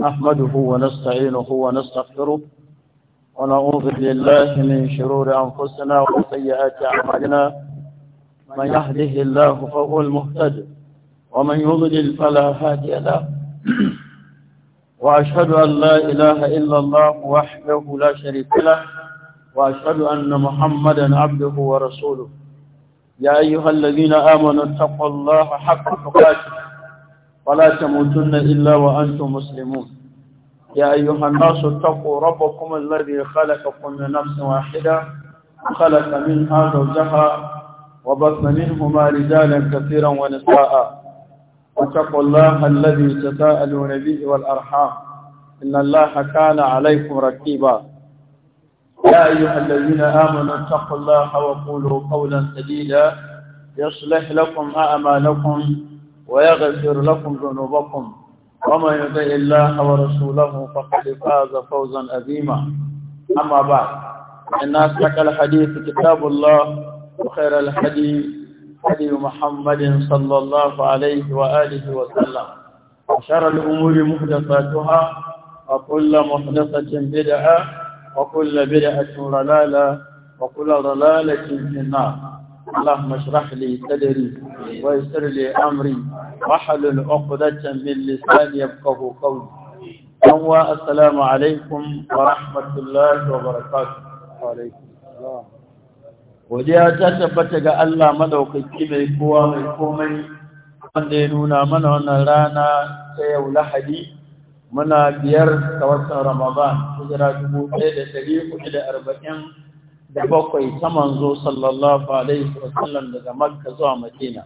نحمده ونستعينه ونستغفره ونعوذ بالله من شرور أنفسنا وسيئات أعمالنا من يهده الله فهو المهتد ومن يضلل فلا هادي له وأشهد أن لا إله إلا الله وحده لا شريك له وأشهد أن محمدا عبده ورسوله يا أيها الذين آمنوا اتقوا الله حق تقاته ولا تموتن إلا وأنتم مسلمون يا أيها الناس اتقوا ربكم الذي خلقكم من نفس واحدة خلق منها زوجها وبث منهما رجالا كثيرا ونساء واتقوا الله الذي تساءلون به والأرحام إن الله كان عليكم ركيبا يا أيها الذين آمنوا اتقوا الله وقولوا قولا سديدا يصلح لكم أعمالكم ويغفر لكم ذنوبكم ومن يطع الله ورسوله فقد فاز فوزا عظيما أما بعد إن أصدق الحديث كتاب الله وخير الحديث حديث محمد صلى الله عليه وآله وسلم وشر الأمور محدثاتها وكل محدثة بدعة وكل بدعة ضلالة وكل ضلالة في النار اللهم اشرح لي صدري ويسر لي أمري واحلل عقدة من لساني يفقه قولي هو السلام عليكم ورحمة الله وبركاته وعليكم السلام godiya ta tabbata ga Allah madaukaki mai kowa mai komai wanda ya nuna mana wannan rana ta yau lahadi muna biyar ga watan ramadan hijira dubu ɗaya da ɗari da arba'in da bakwai ta manzo sallallahu alaihi wasallam daga makka zuwa madina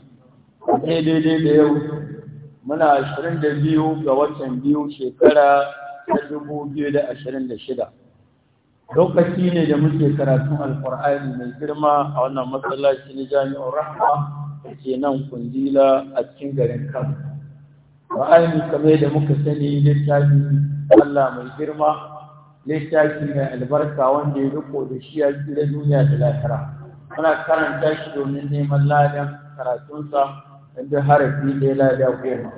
ne daidai da yau muna 22 ga watan biyu shekara ta 2026 lokaci ne da muke karatun alkur'ani mai girma a wannan masallaci na jami'ar rahma da ke nan kundila a cikin garin Kano. ra'ayin kamar da muka sani littafi allah mai girma littafi mai albarka wanda ya riko da shi a cikin duniya da lahira muna karanta shi domin neman ladan karatunsa inda harafi ɗaya lada goma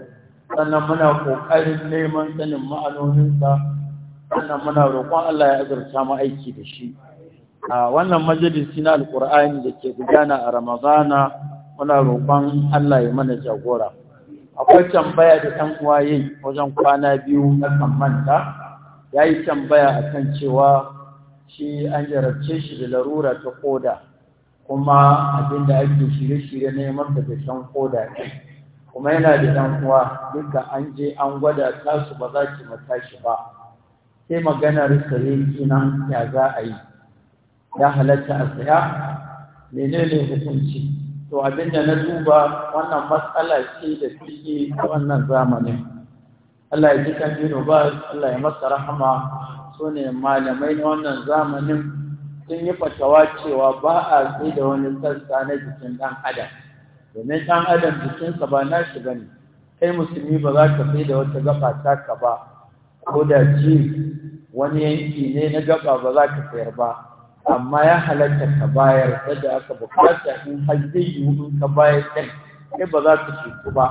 sannan muna ƙoƙarin neman sanin ma'anoninsa sannan muna roƙon Allah ya azurta mu aiki da shi a wannan majalisi na alƙur'ani da ke gudana a ramadana muna roƙon Allah ya mana jagora akwai tambaya da ɗan uwaye wajen kwana biyu na kan manta ya yi tambaya a kan cewa shi an jarabce shi da larura ta koda kuma abinda ake shirye-shirye neman da dashen koda ne kuma yana da ɗan uwa duka an je an gwada tasu ba za ki matashi ba sai maganar sarki nan ya za a yi ya halatta a saya menene hukunci to abinda na duba wannan matsala ce da a wannan zamanin Allah ya ji kan dino ba Allah ya masa rahama su ne malamai na wannan zamanin sun yi fatawa cewa ba a zai da wani sassa na jikin ɗan adam domin ɗan adam jikinsa ba na shi gani kai musulmi ba za ka fi da wata gaba taka ba ko da ci wani yanki ne na gaba ba za ka sayar ba amma ya halatta ka bayar yadda aka bukata in har zai yi ka bayar ɗan, kai ba za ka cutu ba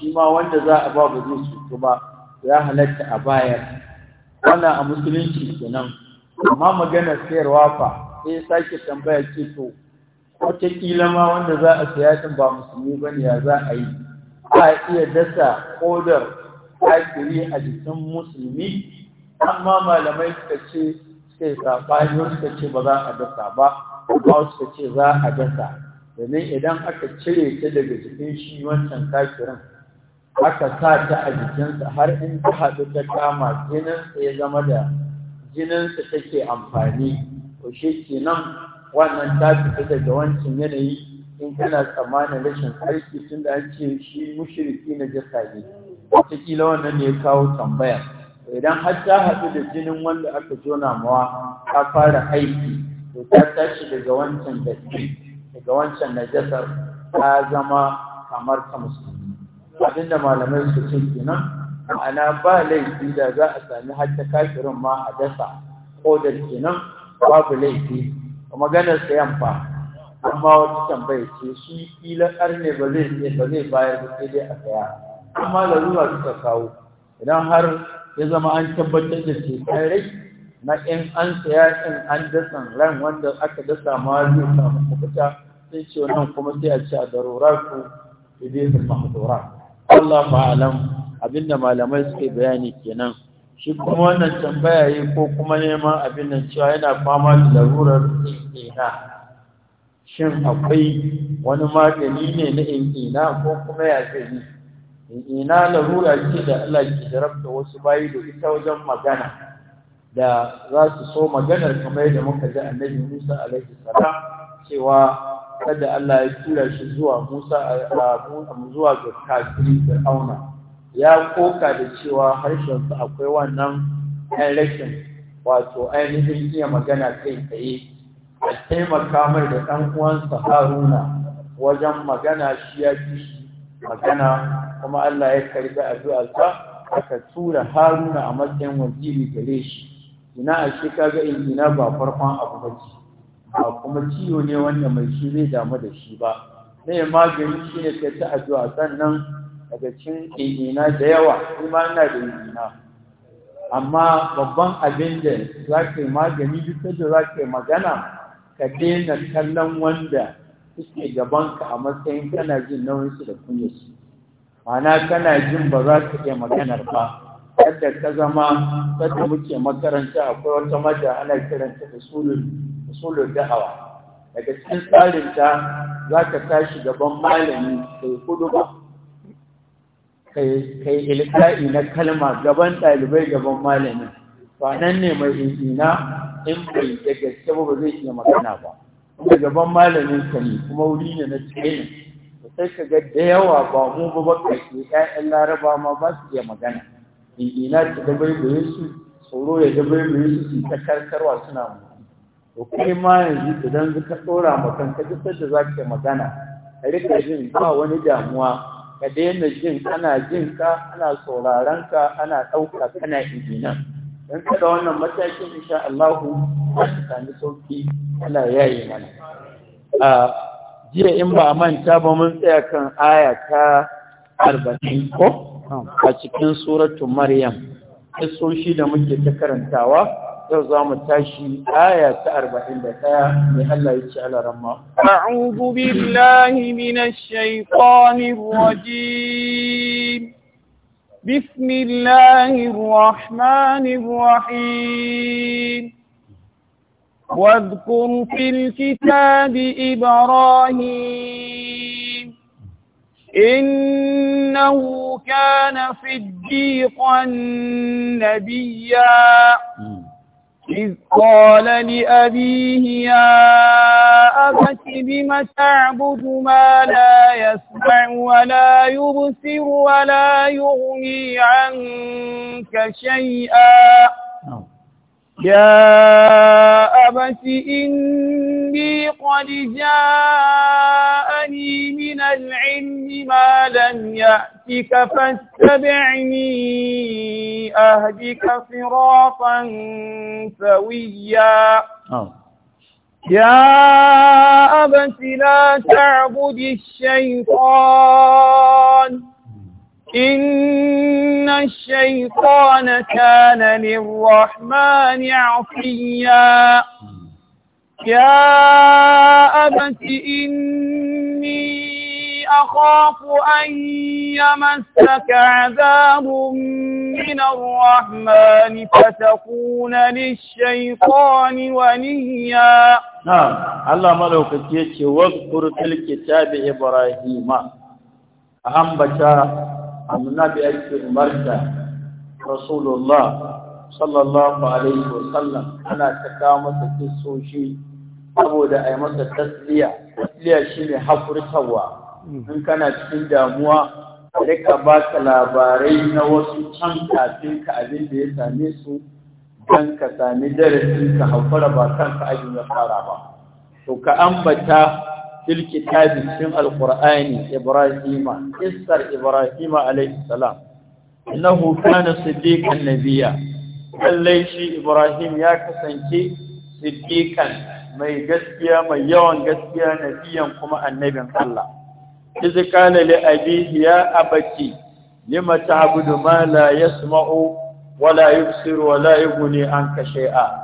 shi ma wanda za a ba ba zai cutu ba ya halatta a bayar wannan a musulunci kenan amma magana sayarwa fa sai sake tambaya ce to wataƙila ma wanda za a saya tun ba musulmi ba ne ya za a yi a iya dasa kodar kafiri a jikin musulmi amma malamai suka ce suka yi saɓani suka ce ba za a dasa ba ba suka ce za a dasa domin idan aka cire ta daga jikin shi wancan kafirin aka sa ta a jikinsa har in ta haɗu ta kama jininsa ya zama da jininsa take amfani yaushe shi ke nan wannan ta fita daga wancan yanayi in kana tsammanin rashin aiki tun da an ce shi mushriki na jasa ne wataƙila wannan ne ya kawo tambaya idan har ta haɗu da jinin wanda aka jona mawa ta fara aiki to ta tashi daga wancan daga wancan najasar ta zama kamar ta musulmi abinda malamai su ce kenan ma'ana ba laifi da za a sami hatta kafirin ma a dasa kodar kenan babu laifi maganar sayan fa amma wata tambaya ce shi kila karne ba zai ce ba zai bayar da sai dai a saya amma zuwa suka kawo idan har ya zama an tabbatar da ce na in an saya in an dasa ran wanda aka dasa ma zai samu kubuta sai ce wannan kuma sai a ce a darura ku idai mahadura Allah ma'alam abinda malamai suke bayani kenan shi kuma wannan tambaya yi ko kuma neman abin nan cewa yana fama da larurar ina shin akwai wani magani ne na ina ko kuma ya gani ina larura ce da Allah ke jarabta wasu bayi da ita wajen magana da za su so maganar kamar yadda muka ji annabi Musa alaihi salam cewa kada Allah ya tura shi zuwa Musa zuwa ga kafiri auna, ya koka da cewa harshen su akwai wannan ɗan wato ainihin iya magana kai tsaye a taimaka mai da ɗan uwansa Haruna wajen magana shi ya fi magana kuma Allah ya karbi addu'arsa aka tura Haruna a matsayin waziri gare shi ina a shi kaga in ina ba farkon abu ba a kuma ciwo ne wanda mai shi zai damu da shi ba Zai magani shi ne kai ta addu'a sannan daga cin ƙinina da yawa ni ma ina da ƙinina amma babban abin da za ka yi magani duk da za ka yi magana ka daina kallon wanda suke ka a matsayin kana jin nauyinsu da su. ma'ana kana jin ba za ka iya maganar ba yadda ka zama kada muke makaranta akwai wata mata ana kiranta da sulul da hawa, daga cikin tsarin ta zaka tashi gaban malami kai kudu ba kai ilka'i na kalma gaban ɗalibai gaban malami ba nan ne mai ina in bai da gaske ba ba zai iya magana ba kuma gaban malamin ka ne kuma wuri ne na Ba sai ka ga da yawa ba mu ba ba ka ke ƴaƴan laraba ma ba su iya magana ina ta dabaibaye su tsoro ya dabaibaye su su ta karkarwa suna mu. Ko kai ma yanzu idan ka tsora ma kanka duk da za ka magana ka rika jin ba wani damuwa ka daina jin ana jin ka ana sauraron ka ana ɗauka kana injina dan kada wannan matakin insha Allah za ka sami sauki kana yayi mana a jiya in ba manta ba mun tsaya kan aya ta arba'in ko a cikin suratun maryam shi da muke ta karantawa التاشي آية أربعين يتشعل رمى أعوذ بالله من الشيطان الرجيم بسم الله الرحمن الرحيم واذكر في الكتاب إبراهيم إنه كان صديقا نبيا إذ قال لأبيه يا أبت بم تعبد ما لا يسمع ولا يبصر ولا يغني عنك شيئا يا أبت إني قد جاءني من العلم ما لم يأتك فاتبعني أهدك صراطا سويا آه. يا أبت لا تعبد الشيطان إن الشيطان كان للرحمن عصيا يا أبت إني أخاف أن يمسك عذاب من الرحمن فتكون للشيطان وليا نعم الله ملوك الجيش واذكر في الكتاب إبراهيم أهم بشارة a yake umarta rasulullah sallallahu alaihi wasallam ana taka masa kisoshi saboda ai masa tasliya tasliya shine hakurtawa in kana cikin damuwa rika ba ka labarai na wasu can kafin ka abin da ya same su dan ka sami darasi ka hakura ba kanka ajin ya fara ba to ka ambata fil kitabi cikin alqur'ani ibrahima isar ibrahima alayhi salam innahu kana siddiqan nabiyya lallai shi ibrahim ya kasance siddiqan mai gaskiya mai yawan gaskiya nabiyan kuma annabin Allah iz kana li abihi ya abati lima ta'budu ma la yasma'u wala yubsiru wala yughni anka shay'a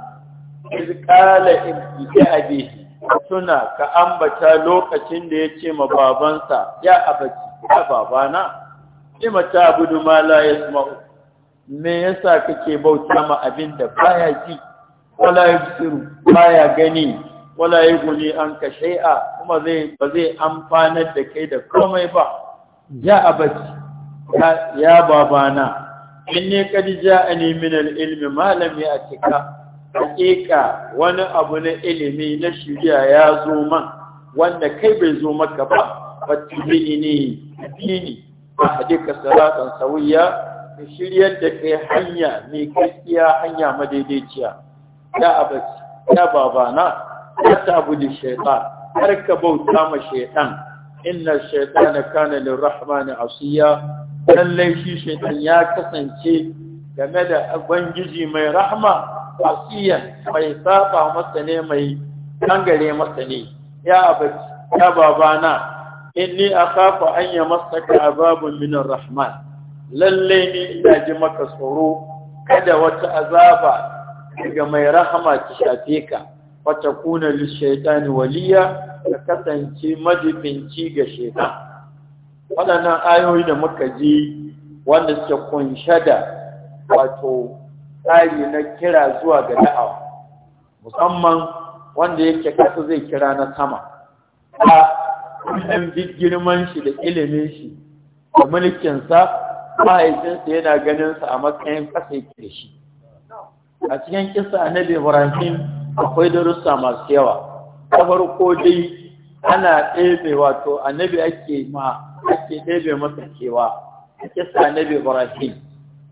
iz qala ibni abihi tuna ka ambata lokacin da ya ce ma babansa ya abaci ya babana lima ta abudu ma la yasma'u me yasa kake bauta ma abin da baya ji wala yabsiru baya gani wala an anka shay'a kuma zai ba zai amfanar da kai da komai ba ya abaci ya babana inni kadija ja'ani min al-ilmi ma lam ya'tika hakika wani abu na ilimi na shirya ya zo man wanda kai bai zo maka ba fatimini ne dini ba a duka salatan sauya ka shiryar da kai hanya mai gaskiya hanya madaidaiciya ya abaci ya babana ya tabu da shaitan har ka bauta ma shaitan inna shaitana kana lirrahmani asiya lallai shi shaitan ya kasance game da ubangiji mai rahma wasiyan mai saba masa ne mai dangare masa ne ya abaci ya babana inni akhafu an yamassaka Babu min rahman lalle ni ina ji maka tsoro kada wata azaba daga mai rahama ta shafe ka wata kuna lishaitani waliya ka kasance majifinci ga shaitan waɗannan ayoyi da muka ji wanda suke kunshe da wato tsari na kira zuwa ga da'awa musamman wanda yake kasa zai kira na sama a ɗan girman shi da ilimin shi da mulkinsa mahaifinsa yana ganinsa a matsayin kasa yake shi a cikin kisa annabi ibrahim akwai darussa masu yawa ta farko dai ana ɗebe wato annabi ake ma ake ɗebe masa cewa a kisa annabi ibrahim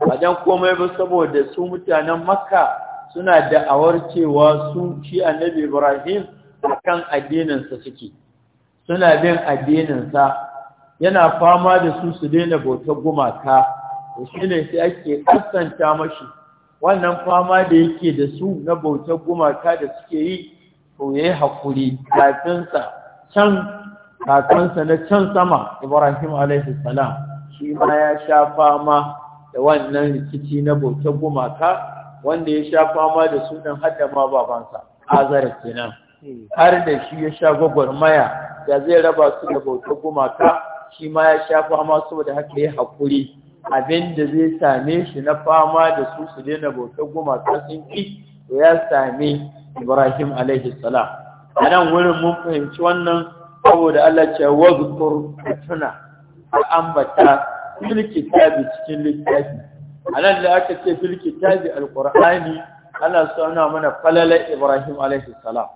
ba komai ba saboda su mutanen makka suna da'awar cewa su shi annabi ibrahim akan addininsa suke suna bin addininsa yana fama da su su daina bautar gumaka da shi ne sai ake kasanta mashi wannan fama da yake da su na bautar gumaka da suke yi to ya yi haƙuri kafinsa can kakansa na can sama ibrahim alaihi salam shi ma ya sha fama da wannan rikici na bautar gumaka wanda ya sha fama da su hada ma babansa azara kenan hmm. har da shi ya sha gwagwarmaya da zai raba su da bautar gumaka shi ma ya sha fama saboda haka ya hakuri. abin da zai same shi na fama da su su daina bautar gumaka sun to ya same ibrahim alaihi salam a nan wurin mun fahimci wannan saboda allah ce wazkur tuna ambata fil kitabi cikin littafi anan da aka ce fil kitabi alqur'ani ana so mana falala Ibrahim alaihi salam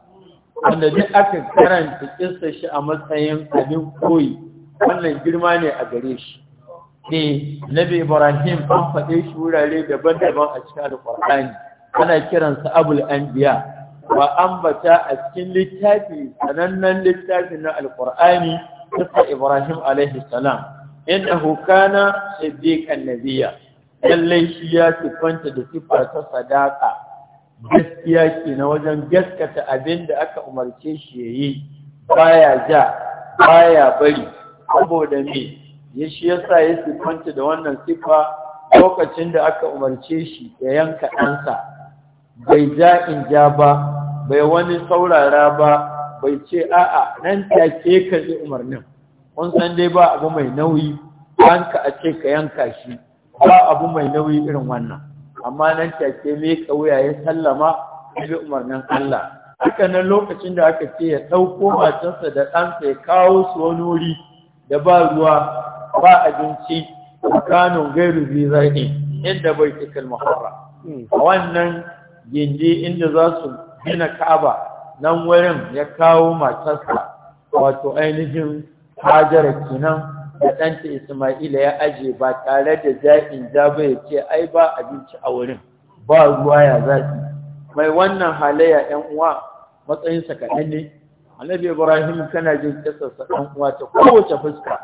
wanda duk aka karanta kissa shi a matsayin abin koyi wannan girma ne a gare shi ne eh, nabi Ibrahim an faɗe shi wurare daban-daban a cikin alqur'ani ana kiransa abul anbiya wa ambata a cikin littafi sanannen littafi na alkur'ani ta ibrahim alaihi salam innahu kana siddiqan nabiyya lallai shi ya kwanta da sifar ta sadaka gaskiya ke na wajen gaskata abin da aka umarce shi ya yi baya ja baya bari saboda me ya shi ya sa ya sifanta da wannan siffa lokacin da aka umarce shi ya yanka ɗansa bai ja in ja ba bai wani saurara ba bai ce a'a nan take ka ji umarnin kun san dai ba abu mai nauyi ranka a ce ka yanka shi ba abu mai nauyi irin wannan amma nan take me ka wuya ya sallama bi umarnin Allah haka nan lokacin da aka ce ya ɗauko matarsa da ɗansa ya kawo su wani wuri da ba ruwa ba abinci tsakanin gairu zai inda bai cikin mahara a wannan gindi inda za su gina ka'aba nan wurin ya kawo matarsa wato ainihin hajara kenan da ɗanta Ismaila ya aje ba tare da za'in zaba ya ce ai ba abinci a wurin ba ruwa ya zaɓi. mai wannan halayya ɗan uwa matsayinsa kaɗan ne annabi Ibrahim kana jin kisarsa ɗan uwa ta kowace fuska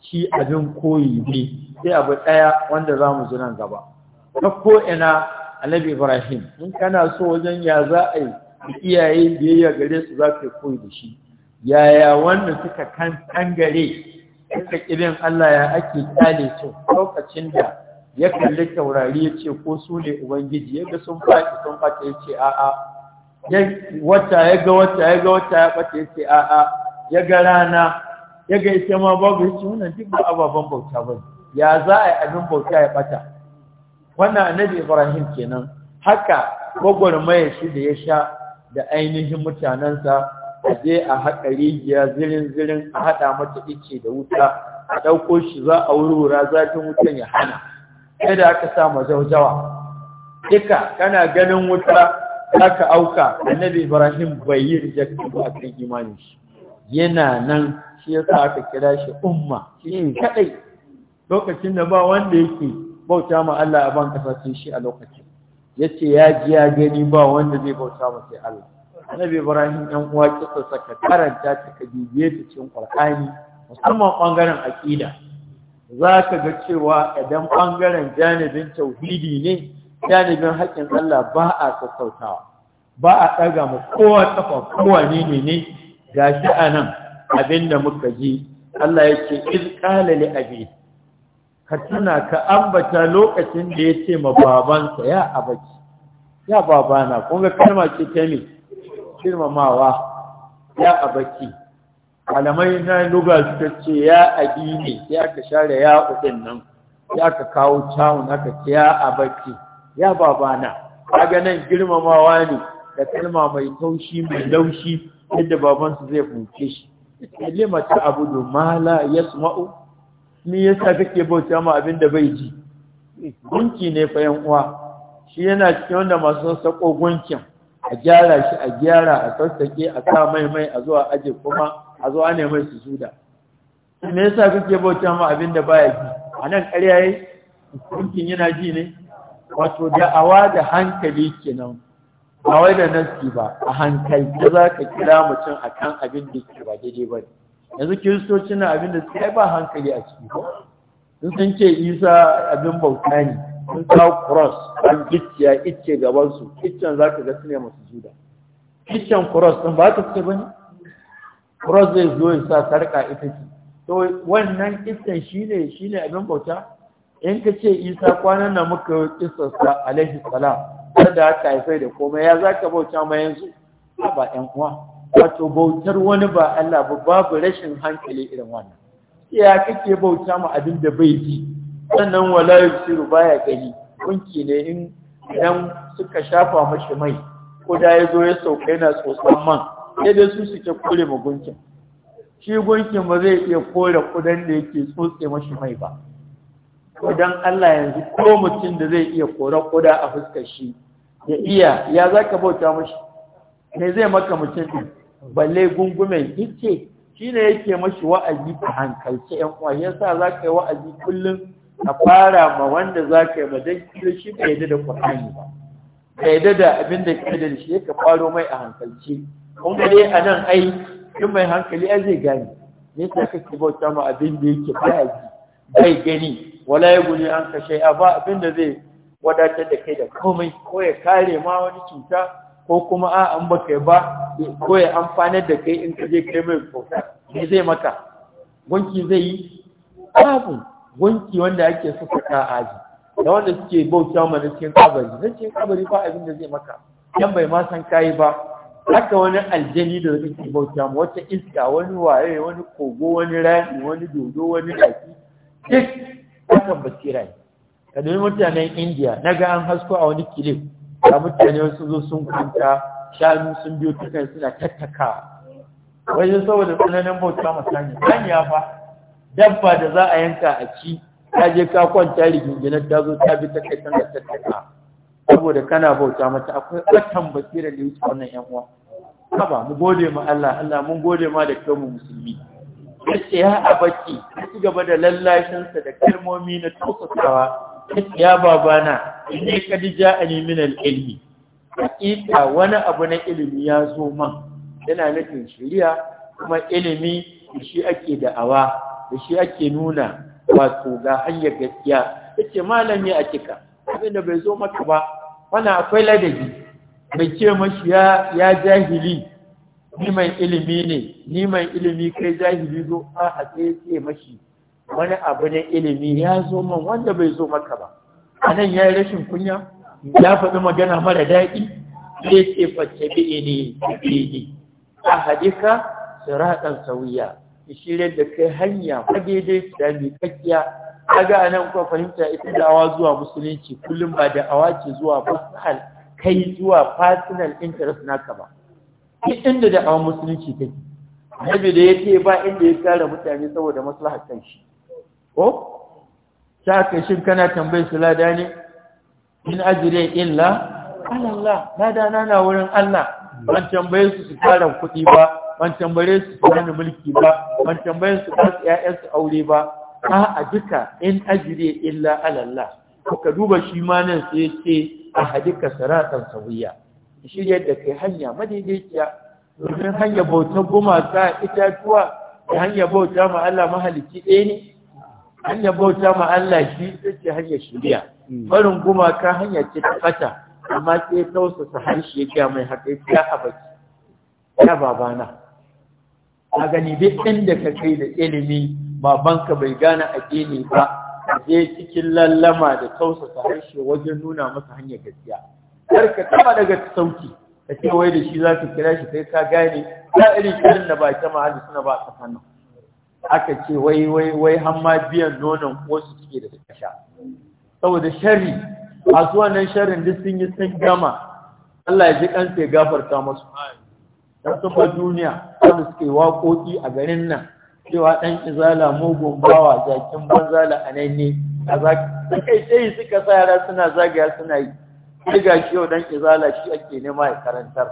shi abin koyi ne sai abu ɗaya wanda za mu ji nan gaba ta ko'ina annabi Ibrahim in kana so wajen ya za a yi iyaye biyayya gare su za ka koyi da shi yaya wanda suka kan tangare suka kirin Allah ya ake kyale su lokacin da ya kalli taurari ya ce ko su ne ubangiji ya ga sun faɗi sun faɗi ya ce a'a wata ya ga wata ya ga wata ya faɗi ya ce a'a ya ga rana ya ga ita ma babu ya ce wannan duk ababen bauta ba ya za a yi abin bauta ya ɓata wannan annabi ibrahim kenan haka gwagwarmaya shi da ya sha da ainihin mutanensa a je a haƙa rijiya zirin zirin a haɗa mata ice da wuta a ɗauko shi za a wurwura zafin wutan ya hana da aka sa majaujawa duka kana ganin wuta ka auka annabi ibrahim bai yi rijakti ba a kan imanin shi yana nan shi ya sa aka kira shi umma shi kadai lokacin da ba wanda yake bauta ma Allah a ban kasa shi a lokacin yace ya ji ya gani ba wanda zai bauta ma sai Allah annabi ibrahim ɗan uwa kisa saka karanta ta ka bibiye ta cikin qur'ani musamman bangaren aƙida za ka ga cewa idan ɓangaren janibin tauhidi ne janibin haƙƙin Allah ba a sassautawa ba a ɗaga mu kowa ƙafa kowa ne ne ne ga shi a nan muka ji Allah yake ce iz qala li abi ka tuna ka ambata lokacin da ya ce ma babansa ya abaci ya babana kun ga kalma ce ta me girmamawa ya abaki malamai na luga suka ce ya abi ne ya ka share ya uɗin nan ya aka kawo cawun haka ce ya abaki ya babana kaga nan girmamawa ne da kalma mai taushi mai laushi yadda babansu zai funke shi lima abu abudu ma ya yasma'u ni sa kake bauta ma abin da bai ji gunki ne fa yan uwa shi yana cikin wanda masu sako gunkin a gyara shi a gyara a sassake a sa mai mai a zuwa aje kuma a zuwa ne mai su suda me yasa kake bauta ma abin da baya ji a nan ƙarya yi hukuncin yana ji ne wato da'awa da hankali kenan ba wai da naski ba a hankali da za ka kira mutum a kan abin da ke ba daidai ba yanzu kiristoci na abin da suke ba hankali a ciki sun ce isa abin bauta ne sun kawo cross an gicciya icce gabansu iccen za ka ga su ne masu juda iccen cross ɗin ba ta ce ba ne cross zai zo ya sa sarƙa ita ce to wannan iccen shi ne shi ne abin bauta in ka ce isa kwanan na muka yi kisarsa alaihi salam da aka haifai da komai ya za ka bauta ma yanzu ba ba ƴan uwa wato bautar wani ba Allah ba babu rashin hankali irin wannan ya kake bauta ma abin da bai ji sannan wala ba baya gani kunki ne in idan suka shafa mashi mai ko da ya zo ya sauka yana tsotson man sai dai su suke kore ma gunkin shi gunkin ba zai iya kore kudan da yake tsotse mashi mai ba kudan Allah yanzu ko mutum da zai iya kore kuda a fuskar shi ya iya ya za ka bauta mashi ne zai maka mutum ɗin balle gungumen ice shi ne yake mashi wa'azi a hankalce ‘yan uwa ya sa za ka yi wa'azi kullum a fara ma wanda za ka yi majan kilo ba yadda da ƙwarani ba bai yadda da abin da ke da shi ka faro mai a hankalci kun dai a nan ai in mai hankali ai zai gane ne ta kake bauta ma abin da yake baya ji bai gani wala ya guji an kashe. a ba abin da zai wadatar da kai da komai ko ya kare ma wani cuta ko kuma a an baka ba ko ya amfana da kai in ka je kai mai bauta ne zai maka gunki zai yi babu gunki wanda ake sufaka a aji da wanda suke bauta mana cikin kabari Na cikin kabari ba abin da zai maka yan bai ma san kayi ba haka wani aljani da zai ke bauta ma wata iska wani waye wani kogo wani rami wani dodo wani daki duk wannan basira ne ka domin mutanen indiya na ga an hasko a wani kilif ga mutane wasu zo sun kwanta shanu sun biyo tukan suna tattakawa wajen saboda tsananin bauta masani saniya fa dabba da za a yanka a ci ta je ka kwanta riginginar ta zo ta bi ta kai tana tattaka saboda kana bauta mata akwai ɓatan basira da yake wannan yan uwa haba mu gode ma Allah Allah mun gode ma da kyau mu musulmi yace ya abaki ci gaba da sa da kalmomi na tausasawa ya babana ne kadija ani min al-ilmi hakika wani abu na ilimi ya zo man yana nufin shari'a kuma ilimi shi ake da awa. da shi ake nuna wato ga hanyar gaskiya yace malami a cika. abinda bai zo maka ba wani akwai ladabi Mai ce mashi ya ya jahili ni mai ilimi ne ni mai ilimi kai jahili zo a a sai ce mashi wani abu na ilimi ya zo man wanda bai zo maka ba anan yi rashin kunya ya faɗi magana mara daɗi sai ce facce bi'ini bi'ini ahadika siratan sauya ya da kai hanya fage daidai da mai kakkiya kaga nan kuma fahimta ita da'awa zuwa musulunci kullum ba da ce zuwa personal kai zuwa personal interest naka ba duk inda da'awa musulunci ke annabi da ce ba inda ya tsara mutane saboda maslahar kan shi ko ta ka shi kana tambayar su lada ne in ajire illa Allah lada na na wurin Allah ban tambayar su su fara kuɗi ba ban tambaye su su bani mulki ba ban tambaye su ba su ƴaƴan su aure ba a duka in ajire illa ala Allah ka duba shi ma nan sai ya ce a hadika saratan sawiya shi yadda kai hanya madaidaiciya domin hanya bauta bautar gumaka itatuwa da hanya bauta ma Allah mahalicci ɗaya ne hanya bauta ma Allah shi ce hanyar shiriya hmm. barin ka hanya ce ta fata amma sai tausasa harshe ya mai haka ya ya babana a gani duk inda ka kai da ilimi babanka bai gane addini ba je cikin lallama da tausasa harshe wajen nuna masa hanyar gaskiya kar ka taba daga sauki ka ce wai da shi za ka kira shi sai ka gane ya iri shirin da ba ta mahalli suna ba a kasan nan aka ce wai wai wai har biyan nonon ko su suke da kasha. saboda sharri masu wannan sharrin duk sun yi sun gama Allah ya ji kansa ya gafarta masu dan sun duniya wanda suke waƙoƙi a garin nan cewa ɗan izala mugun bawa jakin banza la'anai ne a kai sai suka sa yara suna zagaya suna yi sai ga shi yau ɗan izala shi ake nema ya karantar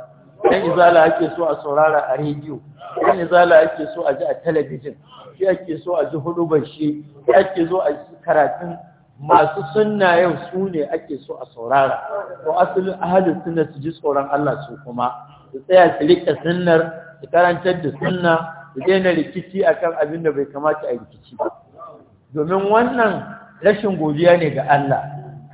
ɗan izala ake so a saurara a rediyo ɗan izala ake so a ji a talabijin shi ake so a ji hudubar shi ake so a ji karatun masu sunna yau su ne ake so a saurara ko asalin ahalin sunna su ji tsoron Allah su kuma su tsaya su riƙe sunnar su karantar da sunna su daina rikici akan abin da bai kamata a rikici ba domin wannan rashin godiya ne ga Allah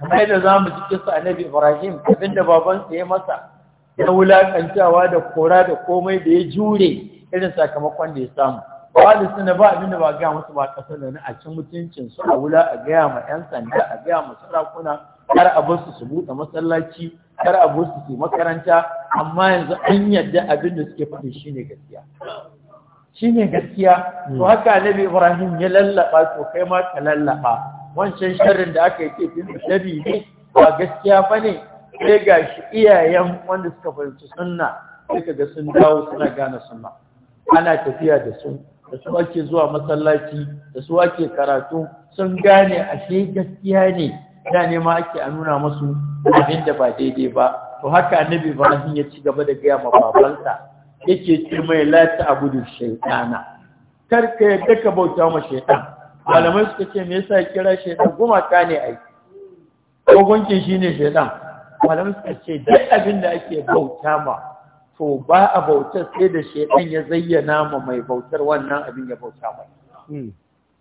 kamar yadda za mu ci kisa annabi Ibrahim abin da babansa ya masa na wulakantawa da kora da komai da ya jure irin sakamakon da ya samu ba suna ba abin da ba gaya musu ba kasar da a cin mutuncinsu a wula a gaya ma 'yan sanda a gaya ma sarakuna kar a bar su su buɗe masallaci kar a bar su su makaranta amma yanzu an yadda abin da suke faɗi shine gaskiya shine gaskiya to hmm. haka annabi Ibrahim ya lallaba to kai ma ka lallaba wancan sharrin da aka yi ce din dabi ne ba gaskiya bane sai shi iyayen wanda suka fahimci sunna suka ga sun dawo suna gane sunna ana tafiya da su da su ake zuwa masallaci da su ake karatu sun gane ashe gaskiya ne da ne ma ake a nuna masu abin da ba daidai ba to haka annabi Ibrahim ya ci gaba da gaya ma babansa yake ce mai lati abudu shaytana kar ka ya ka bauta ma shaitan malamai suka ce me yasa kira shaytan gumaka ne ai ko shi shine shaiɗan? malamai suka ce duk abin da ake bauta ma to ba a bautar sai da shaiɗan ya zayyana ma mai bautar wannan abin ya bauta mai hmm.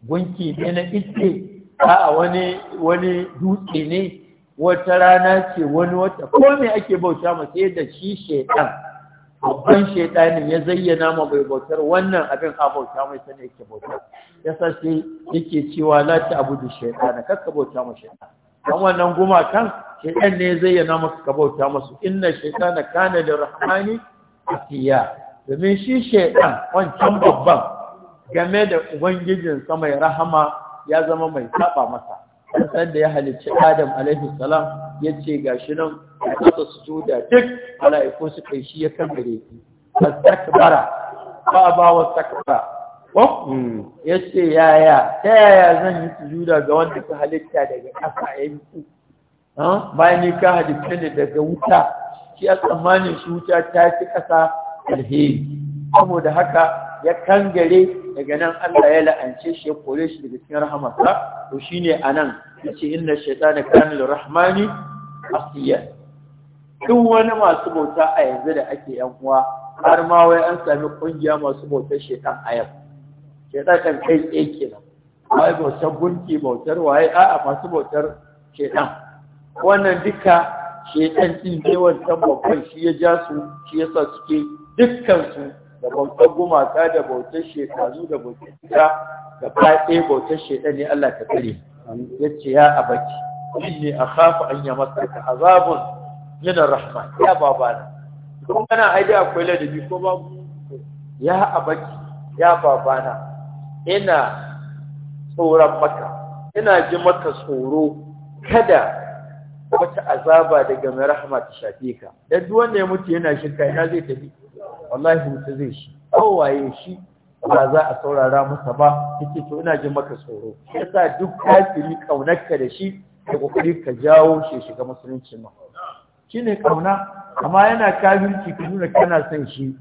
gunki ne na ice a'a wani wani dutse ne wata rana ce wani wata ko me ake bauta ma sai da shi shaitan babban shaitanin ya zayyana ma bai bautar wannan abin a bauta mai sani yake bauta yasa sai yake cewa la ta abudu shaitana kakka bauta ma shaitan dan wannan gumakan shaitan ne ya zayyana maka ka bauta masu inna shaitana kana rahmani asiya domin shi shaitan wancan babban game da ubangijin mai rahama ya zama mai saba masa kasar da ya halicci adam alaihi salam ya ce ga shi nan a kasa su da duk mala'iku su kai shi ya kambare ki astakbara ba ba wa takbara oh, ya ce yaya ta yaya zan yi sujuda ga wanda ka halitta daga ƙasa ya yi ah, bayan ni ka halitta ne daga wuta shi a tsammanin shi wuta ta fi ƙasa alheri saboda haka ya kangare daga nan Allah ya la'ance shi ya kore shi daga cikin rahamarsa to shine anan yace inna shaytana kana lirrahmani asiya duk wani masu bauta a yanzu da ake yan uwa har ma wai an sami kungiya masu bautar shaytan a yau shaytan kan kai tsaye kenan wai bautar gunki bautar waye a'a masu bautar shaytan wannan duka shaytan din ne wancan babban shi ya ja su shi yasa suke dukkan su da bautar gumaka da bautar shekaru da bautar gida da faɗe bautar shekaru ne Allah ta kare ya ce ya ne a kafa an ta azabun yana rahama, ya babana kun kana aidi akwai ladabi ko babu ya baki ya babana ina tsoron maka ina ji maka tsoro kada wata azaba daga mai rahama ta shafe ka dan duk wanda ya mutu yana shirka ina zai tafi wallahi mutu zai shi kowaye shi ba za a saurara masa ba yake to ina jin maka tsoro yasa duk kafiri kaunarka da shi da kokari ka jawo shi shiga musulunci ma shine kauna amma yana kafirci ka nuna kana son shi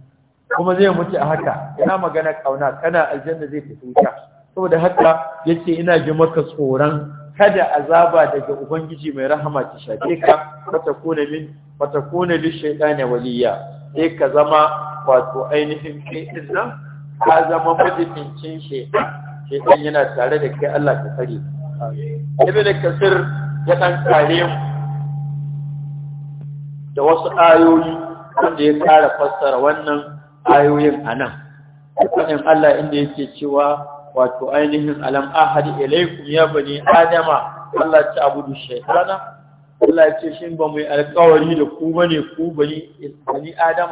kuma zai mutu a haka ina magana kauna kana aljanna zai tafi wuta saboda haka yace ina ji maka tsoron kada azaba daga ubangiji mai rahama ta shafe ka fatakuna min fatakuna lishaytani waliya sai ka zama wato ainihin kai nan ka zama shi. shi shaitan yana tare da kai Allah ka tsare ibn kasir ya dan kare mu da wasu ayoyi wanda ya fara fassara wannan ayoyin anan fadin Allah inda yake cewa wato ainihin alam ahadi ilaikum ya bani adama Allah ta abudu shaytana Allah ya ce shin ba mu yi alkawari da ku bane ku bani bani Adam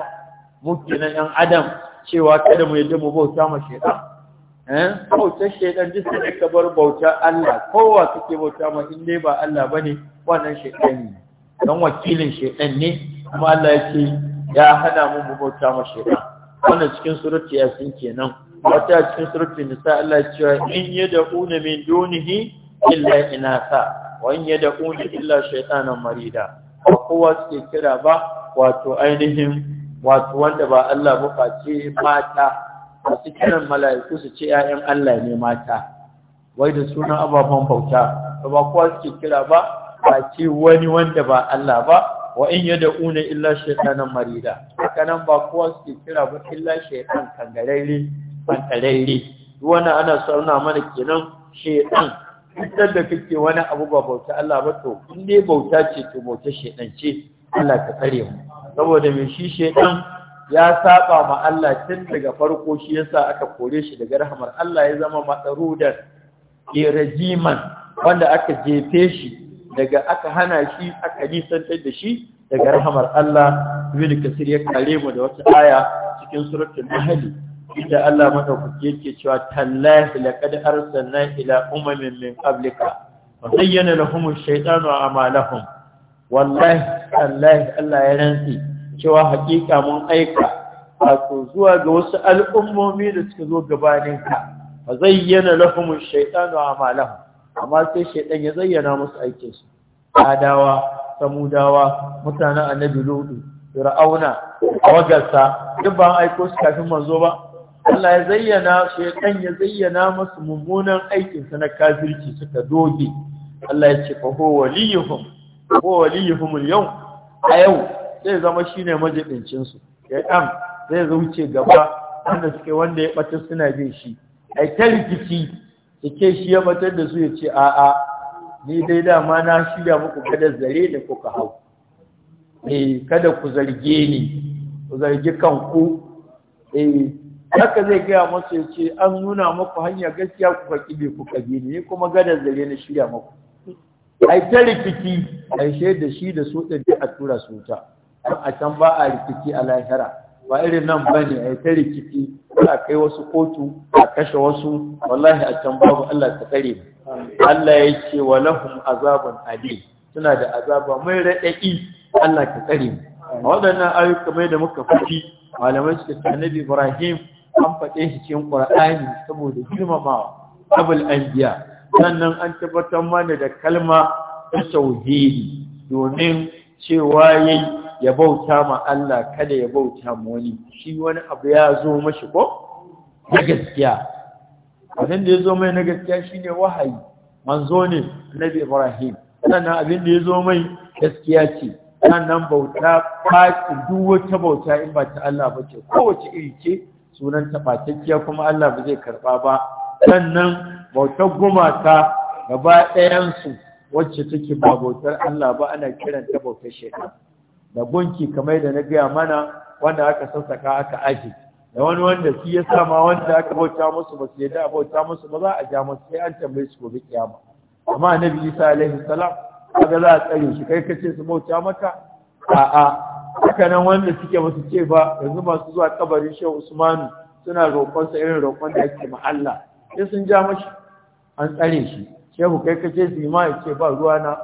muke nan ɗan Adam cewa kada mu yadda mu bauta ma shaytan eh bautar shaytan duk sai ka bar bauta Allah kowa kake bauta ma in dai ba Allah bane wannan shaytan ne dan wakilin shaytan ne kuma Allah ya ce ya hana mu mu bauta ma shaytan wannan cikin surati yasin kenan wata cikin surati nisa Allah ya ce in yad'una min dunihi illa inasa wan yad'una illa shaytanan marida ba kowa suke kira ba wato ainihin wato wanda ba Allah ce mata a kiran mala'iku su ce ‘ya'yan Allah ne mata, wai da sunan ababen bauta, ba kowa suke kira ba, ba ce wani wanda ba Allah ba, wa in yada una illa shaitanan marida. nan ba kowa suke kira ba illa shaitan kangararre, bantararre. Wannan ana sauna mana kenan shaitan duk da kake wani abu ba bauta Allah ba to in dai bauta ce to bauta shedan ce Allah ka tsare mu saboda mai shi shedan ya saba ma Allah tun daga farko shi yasa aka kore shi daga rahmar Allah ya zama da irajiman wanda aka jefe shi daga aka hana shi aka nisantar da shi daga rahamar Allah bin kasir ya kare mu da wata aya cikin suratul mahali. inda Allah madaukaki yake cewa tallahi laqad arsalna ila umamin min qablika wa bayyana lahum ash-shaytanu a'malahum wallahi tallahi Allah ya rantsi cewa hakika mun aika wato zuwa ga wasu al'ummomi da suka zo gabanin ka wa bayyana lahum ash-shaytanu a'malahum amma sai shaytan ya zayyana musu aikin su adawa samudawa mutanen annabi lutu fir'auna wagarsa duk ban aiko su kafin manzo ba Allah ya zayyana shekan ya zayyana masu mummunan aikinsa na kafirci suka doge Allah ya ce fa waliyuhum faho waliyuhum al a yau zai zama shine majibincinsu su ɗan zai zuce gaba wanda suke wanda ya bata suna bin shi ai ta rikici yake shi ya batar da su ya ce a'a ni dai dama na shirya muku kada zare da kuka hau eh kada ku zarge ni ku zargi kanku eh haka zai gaya masu ya ce an nuna maku hanyar gaskiya ku faƙi bai ku ƙabi ne kuma gadar zare na shirya maku ai ta rikici ai da shi da su ɗin a tura su ta don a can ba a rikici a lahira ba irin nan ba ne ai ta rikici a kai wasu kotu a kashe wasu wallahi a can babu Allah ta kare Allah ya ce wa lahum azabun ali suna da azaba mai raɗaɗi Allah ta kare mu a waɗannan ayyuka mai da muka faɗi malamai suka ce Ibrahim an faɗe shi cikin ƙur'ani saboda girmamawa abul anbiya sannan an tabbatar mana da kalma ta tauhidi domin cewa yayi ya bauta ma Allah kada ya bauta ma wani shi wani abu ya zo mashi ko na gaskiya abin da ya zo mai na gaskiya shine wahayi manzo ne Nabi Ibrahim sannan abin da ya zo mai gaskiya ce sannan bauta ba duk wata bauta in ba ta Allah ba ce kowace iri ce sunan taɓatacciya kuma Allah ba zai karɓa ba sannan bautar gumaka gaba ɗayansu wacce take ba bautar Allah ba ana kiran ta bautar shaitan da gunki kamar da na gaya mana wanda aka sassaka aka aji da wani wanda shi ya ma wanda aka bauta musu ba su yadda a bauta musu ba za a ja musu sai an tambaye su gobe kiyama amma annabi Isa alaihi salam kaga za a tsare shi kai kace su bauta maka a'a haka nan wanda suke masu ce ba yanzu masu zuwa kabarin shehu usmanu suna sa irin roƙon da ake Allah sai sun ja mashi an tsare shi shehu kai ka ce zima ya ce ba ruwa na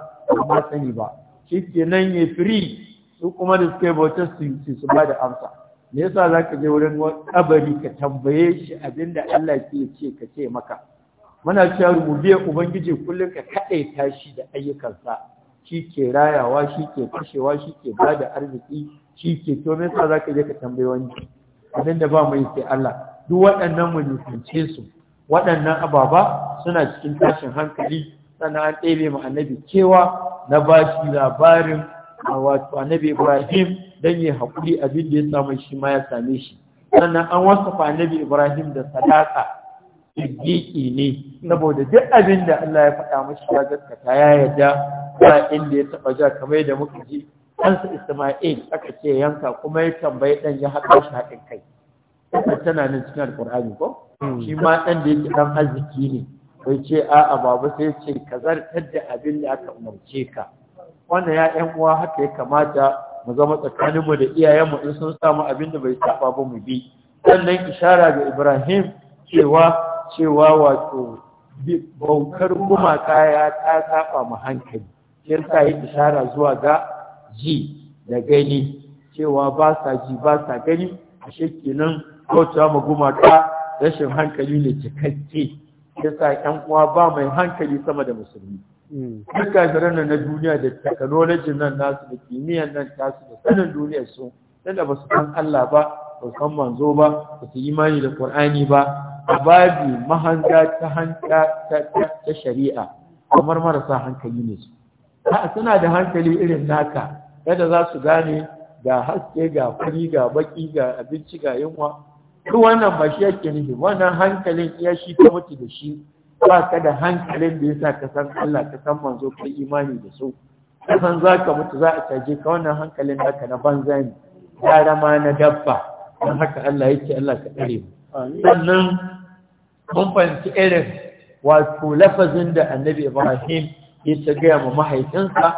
ba sani ba shi ke nan ya firi su kuma da suke bautar su su ba da amsa me yasa za ka je wurin kabari ka tambaye shi abinda Allah ke ce ka ce maka muna cewa rububiyar ubangiji kullum ka kaɗaita shi da ayyukansa shi ke rayawa shi ke kashewa shi ke ba da arziki shi ke to me yasa zaka je ka tambayi wani abin da ba mai sai Allah duk waɗannan mu nufince su waɗannan ababa suna cikin tashin hankali sannan an ɗebe mu annabi cewa na ba shi labarin wato annabi Ibrahim dan yi haƙuri abin da ya samu shi ma ya same shi sannan an wasafa annabi Ibrahim da sadaka siddiƙi ne saboda duk abin da Allah ya faɗa mashi ya gaskata ya yarda ba inda ya taba ja kamar yadda muka ji ɗansa Isma'il aka ce yanka kuma ya tambayi ɗan ya haɗa shi haɗin kai. Kuma tana nan cikin Alƙur'ani ko? Hmm. Shi ma ɗan da yake ɗan arziki ne. Bai ce a'a babu sai ce ka zartar da abin da aka umarce ka. Wannan ya ƴan uwa haka ya kamata mu zama tsakaninmu da iyayenmu in sun samu abin da bai saba ba mu bi. Sannan ishara ga Ibrahim cewa cewa wato bautar gumaka ya ta saba mu hankali. sai sa yi ishara zuwa ga ji da gani cewa ba sa ji ba sa gani a shekinan kaucewa ma gumata. rashin hankali ne cikakke sai sa yan uwa ba mai hankali sama da musulmi hmm. duk kafiran nan na duniya da technology nan nasu da kimiyyar nan tasu da sanin duniyar su da ba su san Allah ba ba su san manzo ba ba su imani da Qur'ani ba babi mahanga ta hanka ta shari'a kamar marasa hankali ne su A'a, suna da hankali irin naka yadda za su gane ga haske ga fari ga baki ga abinci ga yunwa duk wannan ba shi yake nufi wannan hankalin ya shi ta mutu da shi ba ka da hankalin da yasa ka san Allah ka san manzo ka imani da su san za ka mutu za a caje ka wannan hankalin naka na banza ne ya rama na dabba don haka Allah yake Allah ka tsare mu sannan mun fahimci irin wato lafazin da annabi Ibrahim ya ta gaya ma mahaifinsa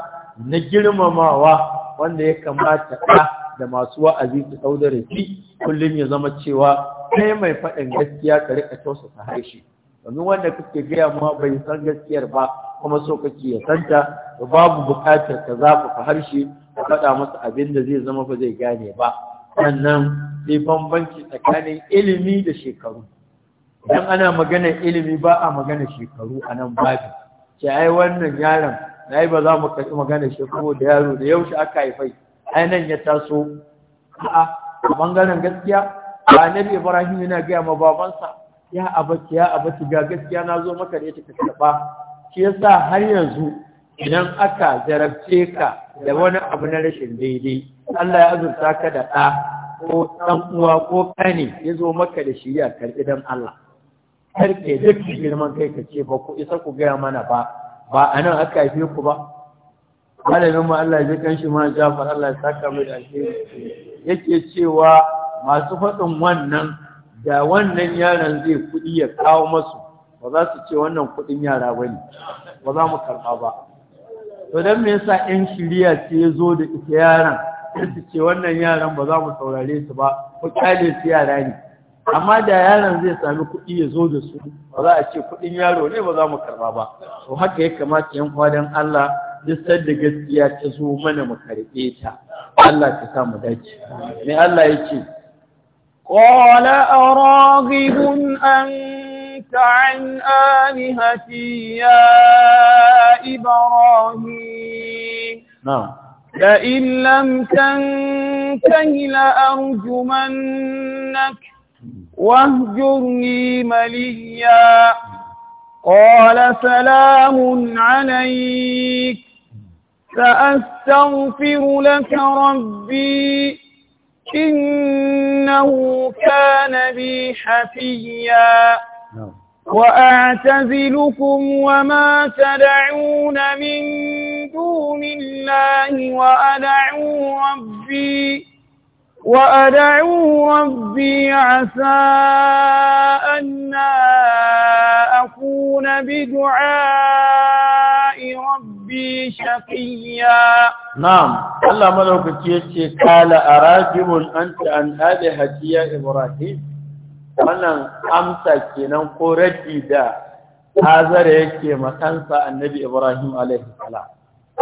na girmamawa wanda ya kamata a da masu wa'azi su ɗau da rafi kullum ya zama cewa kai mai faɗin gaskiya ka rika ta harshe domin wanda kake gaya ma bai san gaskiyar ba kuma so kake ya santa babu buƙatar ka fa harshe ka faɗa masa abin da zai zama ba zai gane ba sannan sai bambanci tsakanin ilimi da shekaru idan ana magana ilimi ba a magana shekaru a nan babu ce ai wannan yaron yi ba za mu karɓi magana shi ko da yaro da yaushe aka haifai ai nan ya taso A'a a bangaren gaskiya annabi Ibrahim yana gaya ma babansa ya abaki ya abaki ga gaskiya na zo maka da ita ka shi yasa har yanzu idan aka jarabce ka da wani abu na rashin daidai Allah ya azurta ka da ɗa ko ɗan uwa ko ƙani ya zo maka da shi ya karɓi dan Allah karke duk girman kai ka ce ba ku isa ku gaya mana ba ba a nan aka haife ku ba malamin mu Allah ya kanshi shi ma Jafar Allah ya saka mai da alheri yake cewa masu faɗin wannan da wannan yaran zai kuɗi ya kawo masu ba za su ce wannan kuɗin yara ba ne ba za mu karɓa ba to dan me yasa 'yan shirya ce ya zo da ita yaran sai su ce wannan yaran ba za mu saurare su ba ku kyale su yara ne amma da yaron zai sami kuɗi ya zo da su ba za a ce kuɗin yaro ne ba za mu karba ba to haka ya kamata yan kwadan Allah duk da gaskiya ta zo mana mu karɓe ta Allah ka sa mu dace me Allah ya ce. qala araghibun anta an alihati ya ibrahim na'am لئن لم تنته لأرجمنك واهجرني مليا قال سلام عليك سأستغفر لك ربي إنه كان بي حفيا نعم. وأعتزلكم وما تدعون من دون الله وأدعو ربي وأدعو ربي عسى أن أكون بدعاء ربي شقيا نعم الله ملوك تيسي قال أراجم أنت أن آلهتي يا إبراهيم أنا أمسك ننقو دا هذا ريكي تنسى النبي إبراهيم عليه السلام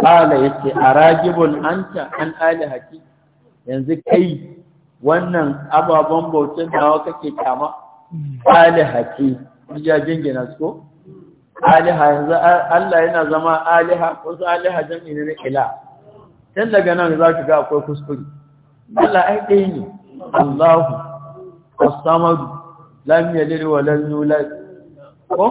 قال يسي أراجم أنت أن آلهتي yanzu kai wannan ababen bautan nawa kake kama aliha ce jajin gina ko aliha yanzu Allah yana zama aliha wasu aliha jami'i ne ila tun daga nan za ka ga akwai kuskure Allah ai ɗaya ne Allahu as-samad lam yalid wa lam yulad ko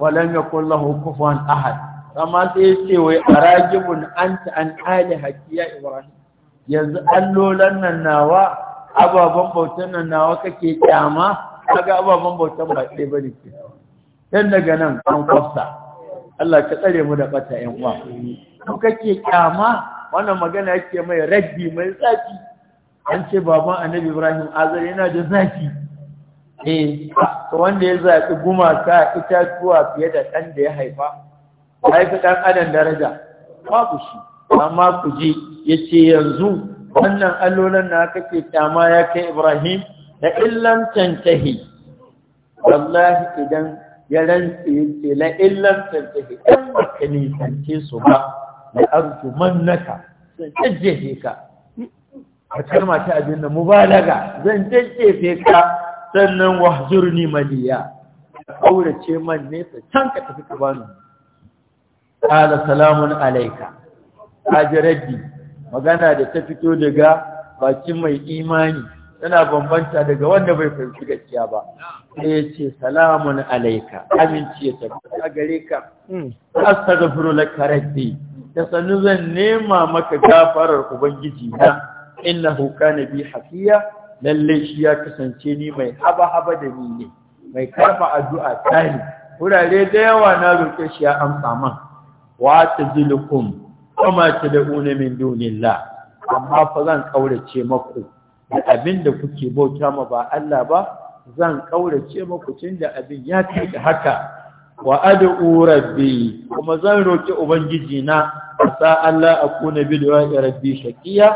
wa lam yakul lahu kufuwan ahad amma sai ce wai arajibun anta an aliha ya ibrahim yanzu allolan nan nawa ababen bautan nan nawa kake kyama kaga ababen bautan ba ɗaya ba ne ke dan daga nan an kwafta Allah ka tsare mu da bata yan uwa ko kake kyama wannan magana yake mai raddi mai zaki an ce baban annabi Ibrahim azar yana da zaki eh wanda ya zaki gumaka itatuwa fiye da ɗan da ya haifa haifi ɗan adam daraja babu shi amma ku ji yace yanzu wannan allolan na kake kyama ya kai Ibrahim da illan tantahi wallahi idan ya rantse yace la illam tantahi in baka nisance su ba la arjumannaka zan jajjefe ka a kalma ta abin da mubalaga zan jajjefe ka sannan wahjurni maliya kaurace man nesa can ka tafi ka bani qala salamun alaika. ajiraddi magana da ta fito daga bakin mai imani tana bambanta daga wanda bai fahimci gaskiya ba sai ya ce salamun alaika amince ya a gare ka hmm. astaghfiru laka rabbi da sanu zan nema maka gafarar ubangiji na innahu kana bi hafiya lalle shi ya kasance ni mai haba haba da ni ne mai karfa addu'a tani wurare da yawa na roke shi ya amsa man wa tazilukum kuma ta da'una min dunillah amma fa zan kaurace maku da abin da kuke bauta ma ba Allah ba zan kaurace maku tunda abin ya kai haka wa ad'u rabbi kuma zan roki ubangiji na sa Allah akuna bi du'a rabbi shaqiya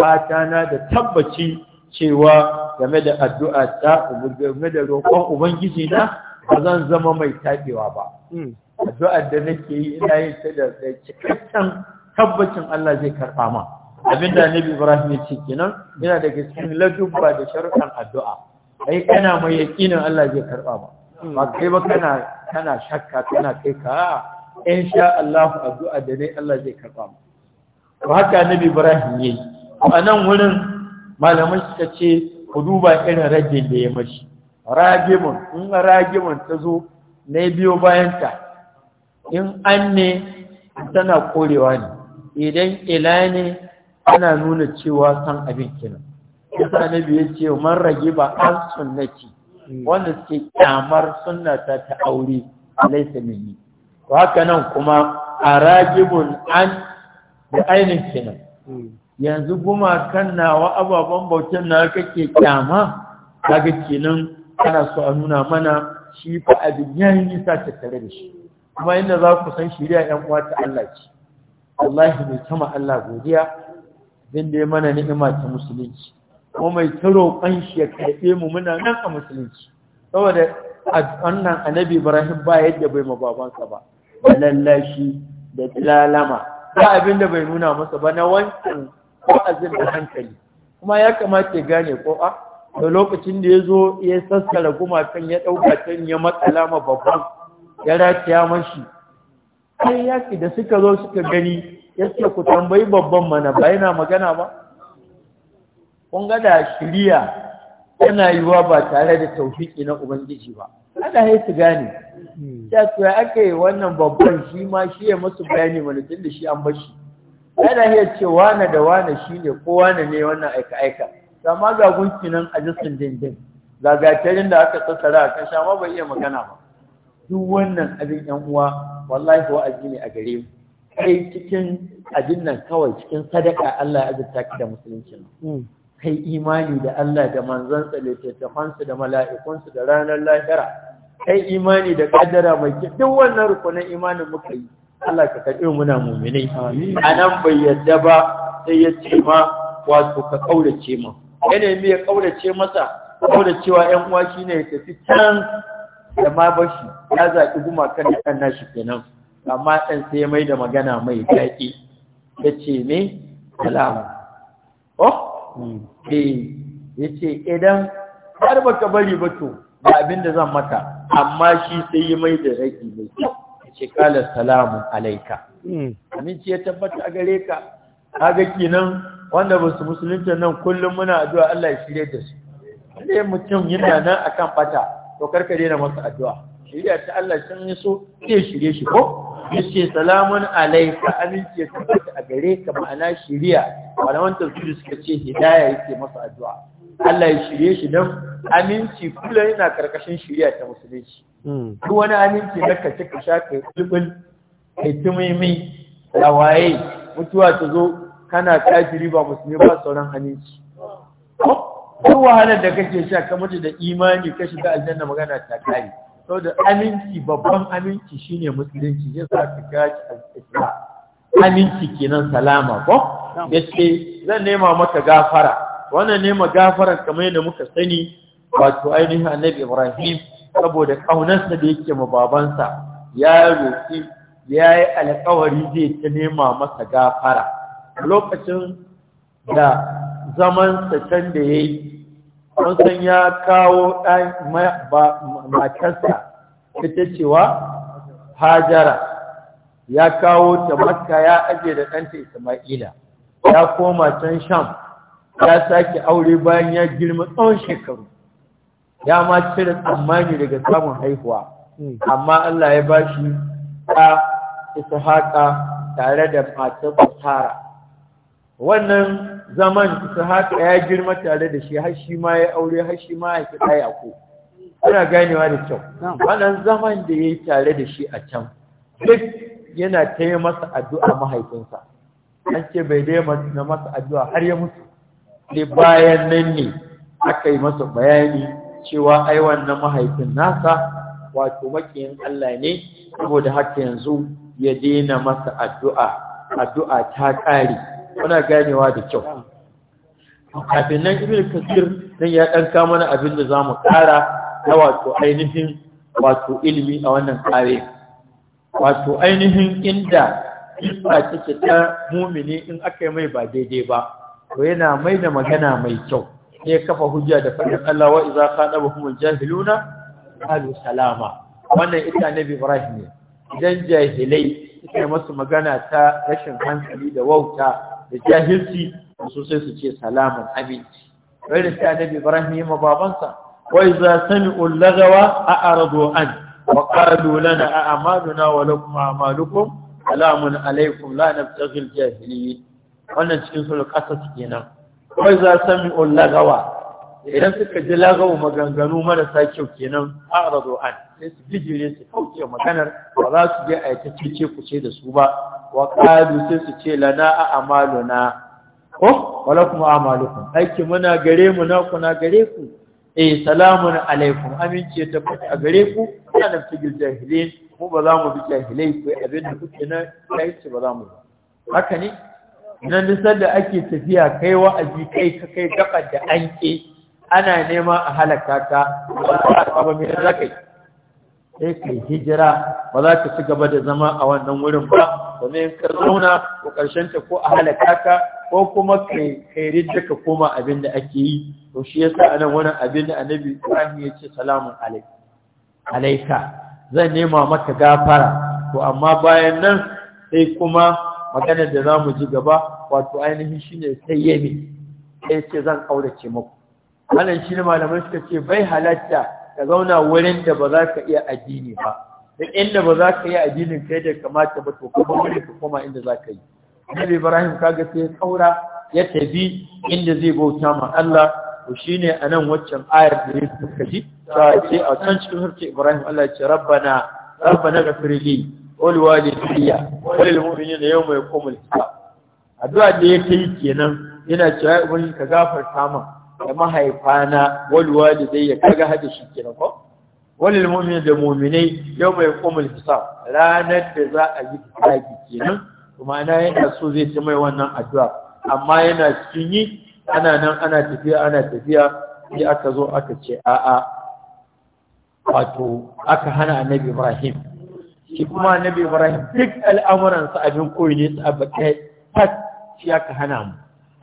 fata na da tabbaci cewa game da addu'a ta game da roƙon ubangiji na ba zan zama mai taɓewa ba addu'ar da nake yi ina yin ta da cikakken tabbacin Allah zai karɓa ma abinda Nabi Ibrahim ya ce kenan yana daga cikin ladubba da sharuɗan addu'a ai kana mai yakinin Allah zai karɓa ma ba kai ba kana kana shakka kana kai ka in sha Allah addu'a da ne Allah zai karɓa ma to haka Nabi Ibrahim yayi a nan wurin malamai suka ce ku duba irin rajin da ya mashi ragimun in ragimun ta zo na biyo bayanta in an ne tana korewa ne idan ila ne ana nuna cewa san abin kenan yasa annabi ya ce man ragiba an sunnati wanda suke kyamar sunnata ta aure laisa minni to haka nan kuma aragibun an da ainin kenan yanzu kuma kan nawa ababen bautan na kake kyama kaga kenan ana so a nuna mana shi fa abin yayin nisa tare da shi kuma inda za ku san shirya yan uwa ta Allah ce wallahi mai sama Allah godiya zan da mana ni'ima ta musulunci kuma mai kan shi ya karɓe mu muna nan a musulunci saboda wannan annabi Ibrahim ba yadda bai ma babansa ba da lallashi da lalama ba abin da bai nuna masa ba na wancan wa'azin da hankali kuma ya kamata ya gane ko a da lokacin da ya zo ya sassara gumakan ya ɗauka can ya matsala ma babban ya rataya mashi ai yaƙi da suka zo suka gani ya ce ku tambayi babban mana ba yana magana ba kun ga da shiriya yana wa ba tare da taufiki na ubangiji ba ana yi su gane ya tuya aka yi wannan babban shi ma shi ya masu bayani mana tun da shi an bashi yana iya ce wane da wane shi ne ko wane ne wannan aika-aika amma ga gunki nan a jisun dindin gatarin da aka tsatsara a kasha ma bai iya magana ba duk wannan abin yan uwa wallahi wa'azi ne a gare mu kai cikin abin nan kawai cikin sadaka Allah ya azurta ki da musulunci hmm. kai imani da Allah da ta littattafansu da mala'ikunsu da ranar lahira kai imani da kaddara mai kyau duk wannan rukunin imanin muka yi Allah ka karɓi muna muminai a nan bai yadda ba sai ya ce ma wato ka kaurace ma yana mai ya kaurace masa cewa yan uwa shine ya tafi can da ma bashi ya zaɓi gumakan da ɗan nashi kenan amma ɗan sai ya mai da magana mai daƙi ya ce ne salama oh hmm. eh ya ce idan har baka bari ba to ba abin zan maka amma shi sai yi mai da raki mai kyau ce kala salamu alaika hmm. aminci ya tabbata a gare ka ga kinan wanda ba su musulunta nan kullum muna addu'a Allah ya shirye da su sai mutum yana nan akan fata to karka daina masa addu'a shirya ta Allah sun yi so ke shirye shi ko yace salamun alaika aminci ya ta a gare ka ma'ana shiriya malaman da suka ce hidaya yake masa addu'a Allah ya shirye shi don aminci kullum yana karkashin shiriya ta musulunci hmm. duk wani aminci da ka ci ka sha ka bulbul ka tumimi waye mutuwa ta zo kana kafiri ba musulmi ba sauran aminci duk wahalar da kake sha ka mutu da imani ka shiga aljanna magana ta kare saboda aminci babban aminci shine musulunci ya sa ka gaci al-islam aminci kenan salama ko yace zan nema maka gafara wannan nema gafara kamar yadda muka sani wato ainihin annabi Ibrahim saboda kaunarsa da yake ma babansa ya roki ya yi alƙawari zai ta nema masa gafara lokacin da zaman sa can da yayi an san ya kawo matarsa ita cewa hajara ya kawo ta makka ya aje da ɗanta isma'ila ya koma can sham ya sake aure bayan ya girma tsawon shekaru ya ma cire tsammani daga samun haihuwa hmm. amma Allah ya bashi shi ta haƙa tare da matar basara wannan zaman su haka ya girma tare da shi har shi ma ya aure har shi ma ya kiɗa ya ko ana ganewa da kyau wannan zaman da ya yi tare da shi a can duk yana ta yi masa addu'a mahaifinsa an ce bai dai na masa addu'a har ya mutu sai bayan nan ne aka yi masa bayani cewa ai wannan mahaifin nasa wato makiyin Allah ne saboda haka yanzu ya daina masa addu'a addu'a ta ƙare muna ganewa da kyau kafin nan da kasir nan ya ɗanka mana abin da za mu ƙara na wato ainihin wato ilimi a wannan kare wato ainihin inda ba take ta mumini in aka yi mai ba daidai ba to yana mai da magana mai kyau sai kafa hujja da fadin Allah wa idza kuma jahiluna qalu salama wannan ita na Ibrahim ne idan jahilai sai masu magana ta rashin hankali da wauta da jahilci su sai su ce salamun aminci wai da shi annabi ibrahim ya babansa wai za sami lagawa a arado an wa qalu lana a amaluna wa lakum amalukum salamun alaikum la nabtaghil jahiliyin wannan cikin sulh qasas kenan wai za sami lagawa idan suka ji lagawa maganganu marasa kyau kenan a arado an sai su bijire su kauce maganar ba za su je a yi ta cece ce da su ba wa kadu sai su ce lana a amaluna ko walakum kuma amalukum aiki muna gare mu na kuna gare ku eh salamun alaikum amince ta fata a gare ku ina da figil jahilin mu ba za mu bi jahilai ku abin da kuke na kai ba za mu haka ne nan da sanda ake tafiya kai wa'azi kai ka kai gaba da an ana nema a halaka ta ba za ka ba me za ka yi sai kai hijira ba za ka ci gaba da zama a wannan wurin ba domin ka zauna ko ƙarshen ta ko a halaka ka ko kuma kai kai ridda ka koma abin da ake yi to shi yasa anan wannan abin da annabi Ibrahim ya ce salamun alaika zan nema maka gafara to amma bayan nan sai kuma maganar da za mu ji gaba wato ainihin shine sai yami sai ce zan ce muku wannan shine malamai suka ce bai halatta ka zauna wurin da ba za ka iya addini ba da inda ba za ka iya addinin kai da kamata ba to kuma wuri ka koma inda za ka yi annabi ibrahim kaga sai kaura ya tafi inda zai bauta ma Allah to shine anan waccan ayar da ya suka ji ta ce a can cikin harce ibrahim Allah ya ce rabbana rabbana ghafir li li walidayya lil mu'minina yawma yaqumul hisab addu'a da yake yi kenan yana cewa ubangiji ka gafarta mana da mahaifana zai ya kaga hada shi kenan ko walil mu'min da mu'minai yawma yaqumul hisab ranar da za a yi hisabi kenan kuma na yana so zai ci mai wannan addu'a amma yana cikin yi ana nan ana tafiya ana tafiya sai aka zo aka ce a'a wato aka hana annabi Ibrahim shi kuma annabi Ibrahim duk al'amuransa abin koyi ne su abu kai fat shi aka hana mu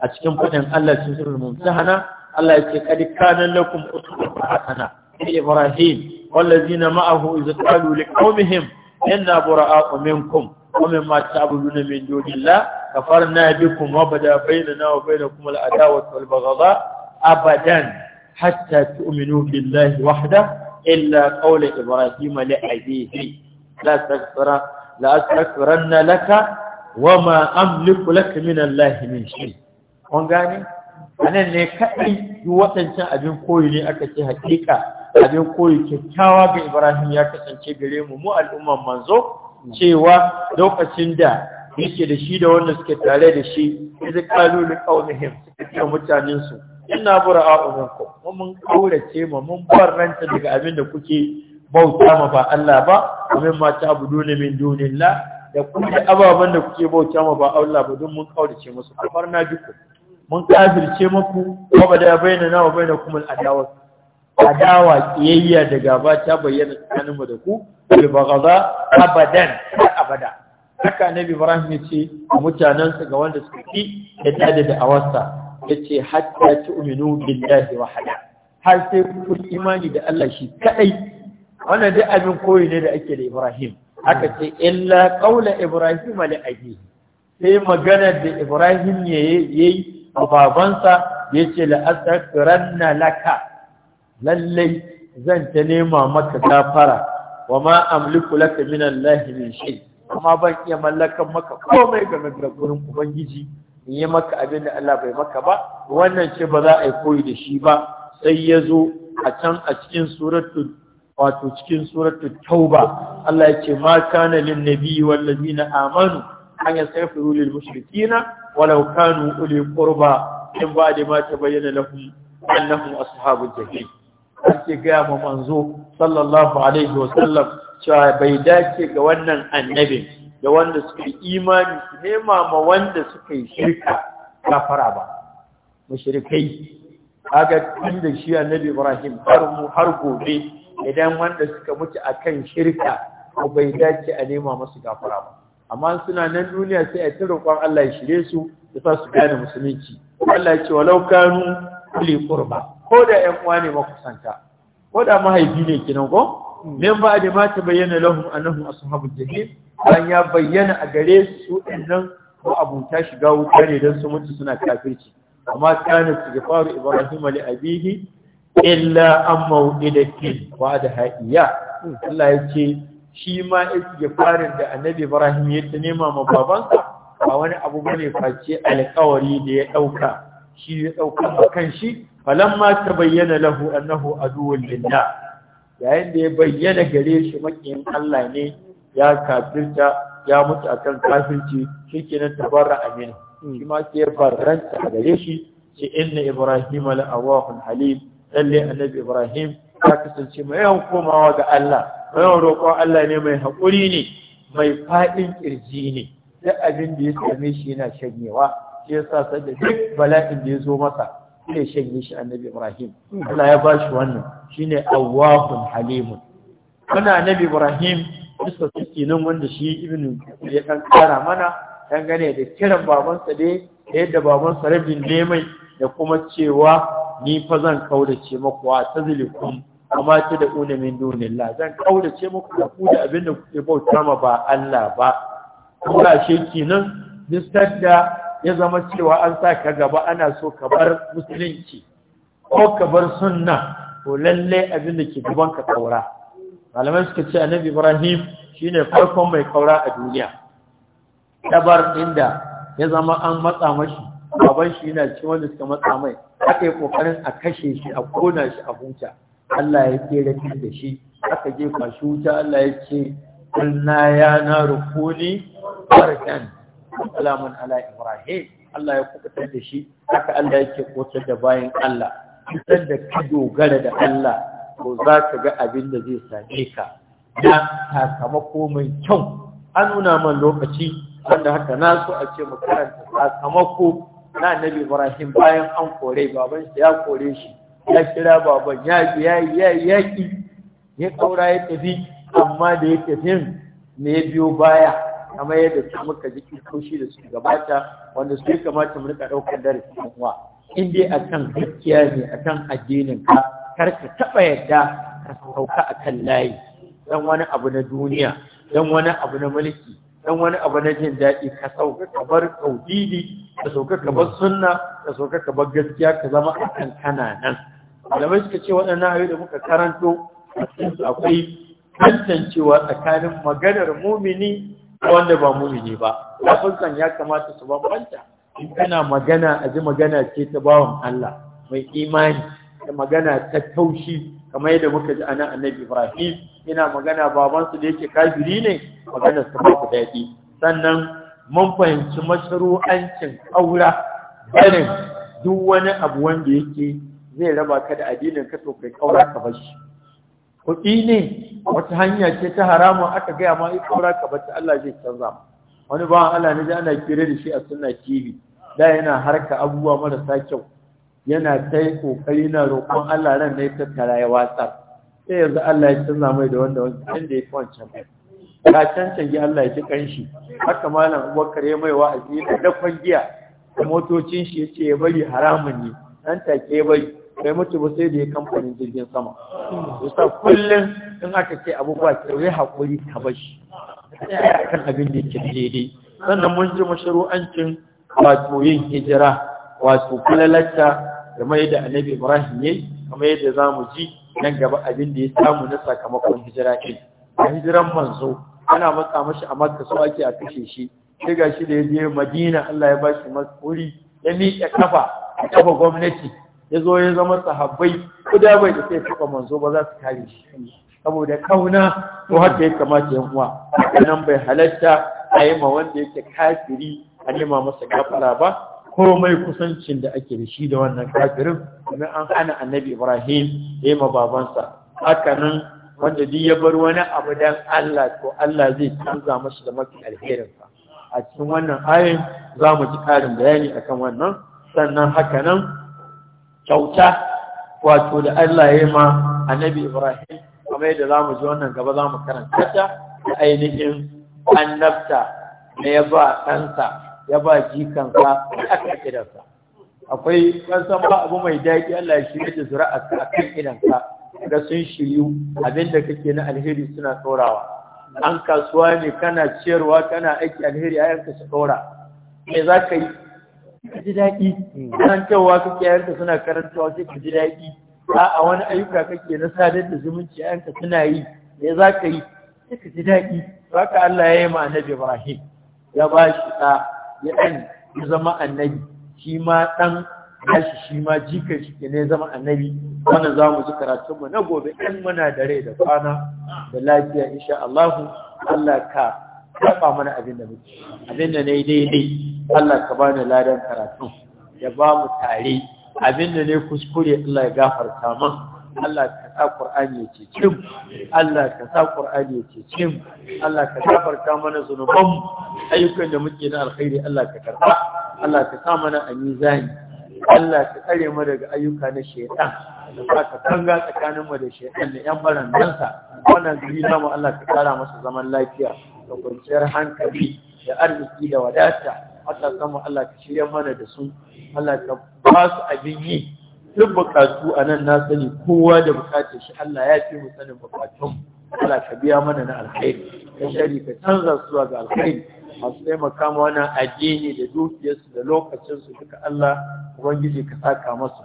a cikin faɗin Allah sun sirrin mun hana Allah ya ce kadikana lakum usulun hasana ni ibrahim wallazina ma'ahu iz qalu liqaumihim inna bura'a minkum wa mimma ta'buduna min dunillah kafarna bikum wa bada bainana wa bainakum al'adawa wal baghdha abadan hatta tu'minu billahi wahda illa qawla ibrahim li abihi la takfura la asakranna wa ma amliku laka min allahi min shay'in kon gani a nan ne kaɗai yi waɗancan abin koyi ne aka ce haƙiƙa abin koyi kyakkyawa ga ibrahim ya kasance gare mu mu al'umman manzo cewa lokacin da yake da shi da wanda suke tare da shi yanzu kalu li qaumihim suka ce mutanen su inna a minkum mun mun kaurace mu mun ranta daga abin da kuke bauta ma ba Allah ba kuma ma ta dole min dunillah da kuma ababan da kuke bauta ma ba Allah ba don mun kaurace musu kamar na mun kafirce muku wa bada bainana wa bainakum al-adawa adawa kiyayya da gaba ta bayyana tsakanin mu da ku bil abadan abada haka annabi Ibrahim yace mutanen sa ga wanda suka ki da tada da awasta yace hatta tu'minu billahi wahda har sai ku imani da Allah shi kadai wannan dai abin koyi ne da ake da Ibrahim Haka ce illa qaula ibrahim li abihi sai magana da Ibrahim yayi wa babansa ya ce na laka lallai zan ta nema maka fara. wa ma amliku laka min Allah min shi. kuma ban iya mallakan maka komai game da ubangiji in yi maka abin da Allah bai maka ba wannan ce ba za a yi koyi da shi ba sai ya zo a can a cikin suratu wato cikin suratu tauba Allah ya ce ma kana lin nabiyyi wal ladina amanu an yastaghfiru lil mushrikina walau kanu uli qurba in ba da ta bayyana lahum annahum ashabul jahim ake gaya ma manzo sallallahu alaihi wa sallam cewa bai dace ga wannan annabi da wanda suka yi imani su nema ma wanda suka yi shirka kafara ba mushrikai kaga da shi annabi Ibrahim har mu har gobe idan wanda suka mutu akan shirka ko bai dace a nema masu gafara ba amma suna nan duniya sai a ta roƙon Allah ya shirye su ya sa su gane musulunci Allah ya ce walau kanu li qurba ko da ƴan uwa ne makusanta ko da mahaifi ne kinan ko men ba da ma ta bayyana lahum annahum ashabul jahim an ya bayyana a gare su ɗannan ko abuta shiga wuta ne don su mutu suna kafirci amma kana istighfaru ibrahim li abihi illa an maw'idatin wa da ha'iya Allah ya ce shi ma istighfarin da annabi Ibrahim ya ta nema ma babansa ba wani abu bane face alƙawari da ya dauka shi ya dauka kan shi falamma bayyana lahu annahu aduwwun lillah yayin da ya bayyana gare shi makiyin Allah ne ya kafirta ya mutu akan kafirci shikenan tabarra amin shi ma sai barranta gare shi shi inna ibrahim la awahun halim lalle annabi ibrahim ta kasance mai yawan komawa ga Allah mai yawan roƙon Allah ne mai haƙuri ne mai faɗin ƙirji ne duk abin da ya same shi yana shanyewa shi yasa sanda duk bala'in da ya zo masa zai shanye shi annabi Ibrahim Allah ya ba shi wannan ne awwahun halimun muna annabi Ibrahim bisa suke nan wanda shi ibn ya ɗan ƙara mana dangane da kiran babansa dai, da yadda babansa rabin ne da kuma cewa ni fa zan kaurace maku wa tazlikum amma ta da una min dunilla zan kaurace maku da ku da abin da kuke bauta ma ba Allah ba kuma she kenan distar da ya zama cewa an sa ka gaba ana so ka bar musulunci ko ka bar sunna ko lalle abin da ke gaban ka kaura malamai suka ce annabi Ibrahim shine farkon mai kaura a duniya dabar inda ya zama an matsa mashi baban shi yana cikin wanda suka matsa mai aka yi kokarin a kashe shi a kona shi a huta Allah ya kera da shi aka je kwashi wuta Allah ya ce kulna ya na rukuni barkan salamun ala ibrahim Allah ya kubutar da shi aka Allah ya yake kotar da bayan Allah kusan da ka dogara da Allah ko za ka ga abin da zai same ka na sakamako mai kyau an nuna man lokaci wanda haka na so a ce mu karanta sakamako na annabi ibrahim bayan an kore baban shi ya kore shi ya kira baban ya ya ya ya ki ya kaura ya tafi amma da ya tafi ne ya biyo baya kamar yadda su muka ji kirkoshi da su gabata wanda su kamata mu rika daukar darasi kuma in dai akan gaskiya ne akan addinin ka kar ka taba yadda ka sauka akan layi dan wani abu na duniya dan wani abu na mulki dan wani abu na jin daɗi ka sauka ka bar ka sauka ka bar sunna ka sauka ka bar gaskiya ka zama akan kana nan mai suka ce waɗannan ayoyi da muka karanto akwai tantancewa tsakanin maganar mumini wanda ba mumini ba lafazan ya kamata su bambanta in kana magana a ji magana ce ta bawan Allah mai imani da magana ta taushi kamar yadda muka ji ana annabi Ibrahim ina magana babansu da yake kafiri ne maganar su ba ku daɗi sannan mun fahimci mashru'ancin aura barin duk wani abu wanda yake zai raba ka da addinin ka to kai kaura ka bar shi kuɗi ne wata hanya ce ta haramun aka gaya ma in aura ka bar ta Allah zai canza wani bawan Allah ne ana kira da shi a sunna TV da yana harka abubuwa marasa kyau yana ta yi ƙoƙari na roƙon Allah ran na ya tattara ya watsa sai yanzu Allah ya canza mai da wanda wancan inda ya fi wancan mai canza Allah ya ci ƙanshi haka malam abubakar ya mai wa'azi ya dakon giya da motocin shi ya ce ya bari haramun ne nan take ya bari kai mutu ba sai da ya kamfanin jirgin sama yasa kullum in aka ce abubuwa ke wai haƙuri ka bashi sai a kan abin da ke daidai sannan mun ji masharu'ancin wato yin hijira wato lacca. kamar yadda annabi ibrahim ya yi kamar yadda za ji nan gaba abin da ya samu na sakamakon hijira ke a hijiran manzo ana matsa mashi a makka so ake a kashe shi sai ga shi da ya je madina allah ya ba shi wuri ya miƙe kafa kafa gwamnati ya zo ya zama sahabbai kuda bai da sai kafa manzo ba za su kare shi saboda kauna to haka ya kamata yan uwa nan bai halatta a yi ma wanda yake kafiri a nema masa gafara ba komai kusancin da ake da shi da wannan kafirin kuma an hana annabi ibrahim ya ma babansa haka nan wanda duk ya bar wani abu dan allah ko allah zai canza masa da mafi alherin sa a cikin wannan ayin za mu ji ƙarin bayani akan wannan sannan haka nan kyauta wato da allah ya ma annabi ibrahim kuma yadda za mu ji wannan gaba za mu karanta ta ainihin annabta na ya ba ɗansa ya ba jikansa a kan idansa akwai kan san ba abu mai daɗi Allah ya shirya da zura'a a kan idansa ga sun shiryu abinda kake na alheri suna tsorawa an kasuwa ne kana ciyarwa kana aiki alheri a yanka su tsora me za ka yi ka ji daɗi karantarwa kake yanka suna karantawa sai ka ji daɗi a wani ayyuka kake na sadar da zumunci yanka suna yi me za ka yi sai ka ji daɗi haka Allah ya yi ma annabi Ibrahim ya ba shi ɗa ya ɗan zama annabi shi ma ɗan nashi shi ma jikan shi ne zama annabi wannan za mu ji karatunmu na gobe ɗan muna da rai da kwana da lafiya insha Allah Allah ka karɓa mana abin da muke abin da na daidai Allah ka bani ladan karatun ya ba mu tare abin da ne kuskure Allah ya gafarta man Allah ka sa Qur'ani ya cece mu Allah ka sa Qur'ani ya cece mu Allah ka gafarta mana zunubanmu. ayyukan da muke na alkhairi Allah ka karba Allah ka sa mana a mizani Allah ka tsare mu daga ayyuka na shaytan da ka kanga tsakanin mu da shaytan da yan barandansa wannan gari namu Allah ka kara masa zaman lafiya da kwanciyar hankali da arziki da wadata Allah samu Allah ka shirya mana da su Allah ka ba su abin yi duk bukatu a nan na sani kowa da bukatar shi Allah ya fi mu sanin bukatun Allah ka biya mana na alkhairi ka shari ka canza zuwa ga alkhairi masu taimaka ma wannan addini da dukiyarsu da lokacinsu duka Allah ubangiji ka saka masu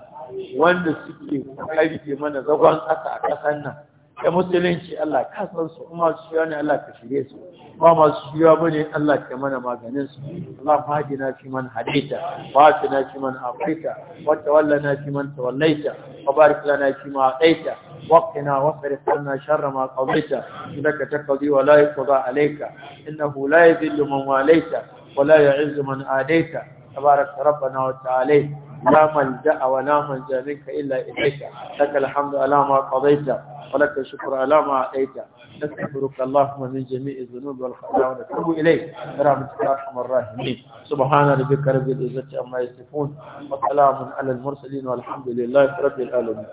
wanda suke kare mana zagon ƙasa a ƙasar nan Ya musulunci Allah ka su kuma su ne Allah ka shirye su ba masu ba bane Allah ka mana maganin su Allah fadina fi man hadaita wa atina fi man afaita wa tawallana fi man tawallaita wa barik lana fi ma ataita wa wa sarif anna sharra ma qadaita innaka taqdi wa la yuqda alayka innahu la yadhillu man walaita wa la yu'izzu man adaita tabarak rabbana wa ta'ala la malja wa la malja minka illa ilayka laka alhamdu ala ma qadayta wa laka shukru ala ma ataita nastaghfiruka allahumma min jami'i dhunubi wal khata'i wa natubu ilayk rabbana arhamar rahimin subhana rabbika rabbil izzati amma yasifun wa salamun ala mursalin walhamdulillahi rabbil